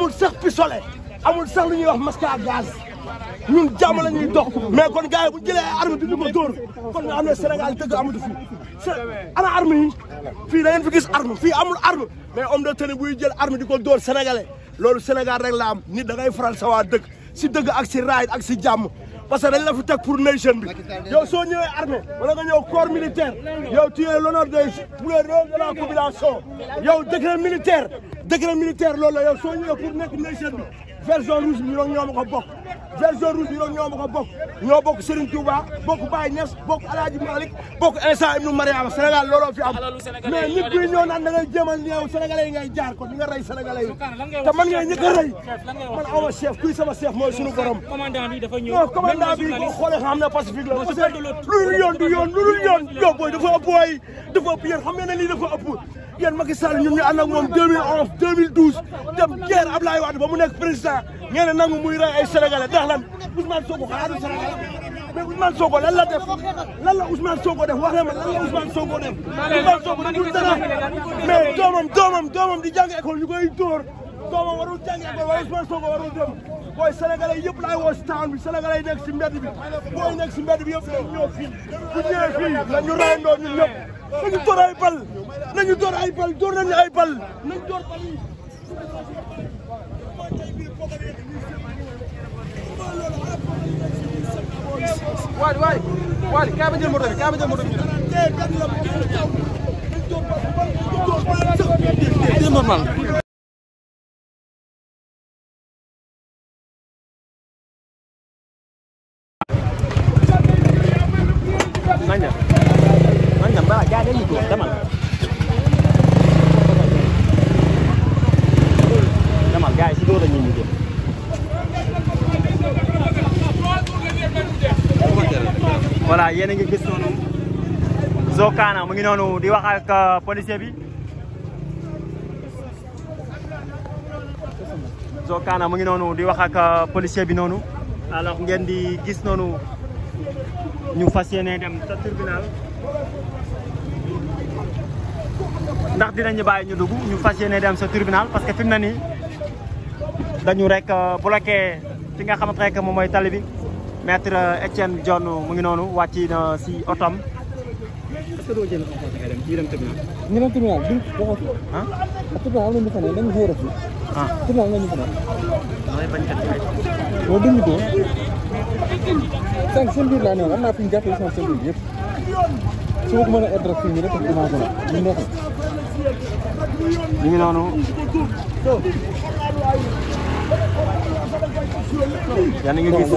amul sax pistolet amul sax lu ñuy wax masque à gaz ñun jàmm la dox mais kon gars yi bu ñu jëlee ay armes dindi ko dóor kon nga xam ne Sénégal dëgg fi se ana armes yi fii da ngeen fi gis arme fii amul arme mais homme de tenue buy jël arme di ko dóor sénégalais loolu Sénégal rek la am da ngay faral sa waa dëkk si dëgg ak si raay ak si jàmm. parce que dañ la fi teg pour nation bi yow soo ñëwee armée wala nga ñëw corps militaire yow tu es l'honneur des pour l'honneur de la population yow décret militaire loolu la yow soo ñëwee pour nekk nation bi vert jaune rouge bi ñoo ma ko bokk vert jaune rouge bi ñoo ma ko bokk ñoo bokk Serigne Touba bokk Baye Niass bokk El Hadj Malick bokk Insa Ibn Mariama Sénégal looloo fi am mais nit ñi ñëw naan da ngay jéemal ñëw sénégalais yi ngay jaar kon di nga rey sénégalais yi te man ngay njëkk a rey man awa chef kuy sama chef mooy sunu borom. commandant bi dafa ñëw non commandant bi boo xoolee xam ne pacifique la parce que lu yoon du yoon lu dul yoon yow booy dafa ëpp waay dafa ëpp yéen xam ngeen ne lii dafa ëpp yéen Macky Sall ñun ñu ànd ak moom 2011 2012 dem guerre Ablaye Wade ba mu nekk président Moussa ngeen ne nangu muy rey ay sénégalais ndax lan Ousmane Sonko xaaru sénégalais mais Ousmane Sonko def lan la Ousmane def wax na ma lan la Ousmane Sonko def. Ousmane Sonko du dara mais doomam doomam doomam di jàng école ñu koy dóor doomam warul jàng école waaye Ousmane Sonko warul dem yëpp laay woo taan bi sénégalais yi nekk si mbedd bi booy nekk si mbedd bi yëpp dañu ñëw fii bu ñëwee fii la ñu reyandoo ñun ñëpp nañu door ay bal nañu door ay bal door nañu ay bal nañu door bal waali waali waali kaay ba jël moto bi kaay ba jël moto bi ñu normal Manja, manja mbaa jaade li ko demal gars si loolu la ñuy mujjee. voilà yéen a ngi gis noonu Sokana mu ngi noonu di wax ak euh, policier bi Sokana mu ngi noonu di wax ak euh, policier bi noonu alors ngeen di gis noonu ñu fas yéene dem sa tribunal ndax dinañu bàyyi ñu dugg ñu fas yéene dem sa tribunal parce que fi mu ne dañu rek euh, bloqué fi nga xamante rek moom mooy tali bi maître Etienne euh, John mu ngi noonu wàcc na si otom. est-ce que doo jël ñu dem tribunal. ñu dem tribunal bi waxatu. ah tribunal am na ñu fa ne dem gérer fi. ah tribunal am na ñu fa ne. mooy bañ a def. loolu duñu ko. sànq seen yëpp rek ak image la ngi noonu. yéen a ngi gis.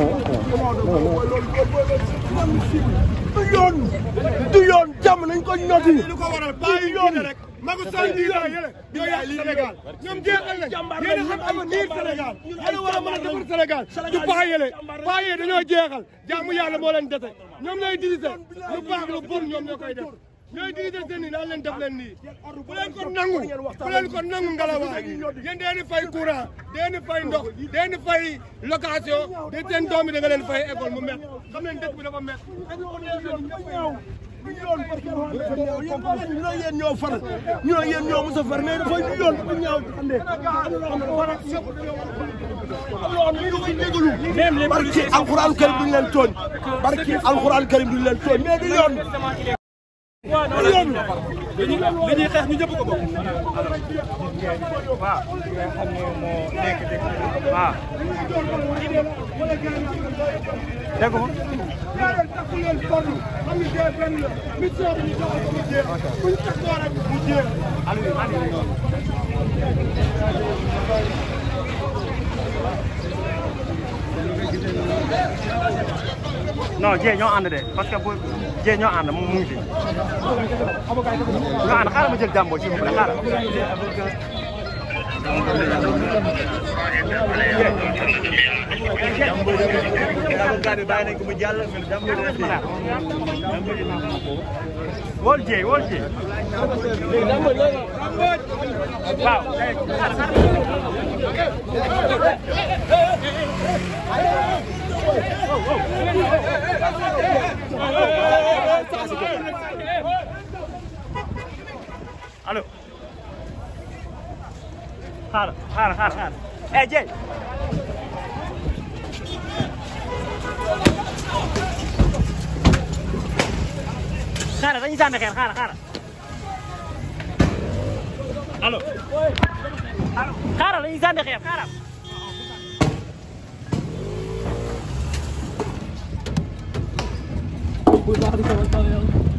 du yoon du yoon jàmm nañ ko ñoti du yoon. magu sooy lii la yéen ñoo yàq Sénégal ñoom jeexal nañ yéen a xam am niir Sénégal yéen a war a mën a defar Sénégal du paa yële paa yële dañoo jeexal jaamu yàlla moo leen dese ñoom lay divisé lu baax lu bon ñoom ñoo koy def. ñooy diisee seen i daal leen def leen nii bu leen ko nangu bu leen ko nangu ngalawaay yéen dee ni fay courant dee ni fay ndox dee ni fay location de seen doom yi da nga leen fay école mu met xam leen dëkk bi dafa met ñoo yéen ñoo far ñoo yéen ñoo a far mais dafay ñu du yoon li ñuy xeex ñu ñëpp ko bokk. waaw. waaw. dégg nga. non jéeg ñoo ànd de parce que bu. jee ñoo ànd mu ngi fi ñoo ànd xaaral ma jël jàmboo ci boppam xaaral. wol jee wol jee waaw. allo xaaral xaaral xaaral eh Dieng. xaaral dañuy sànni xeer xaaral xaaral allo xaaral dañuy sànni xeer xaaral. Goed, laat ik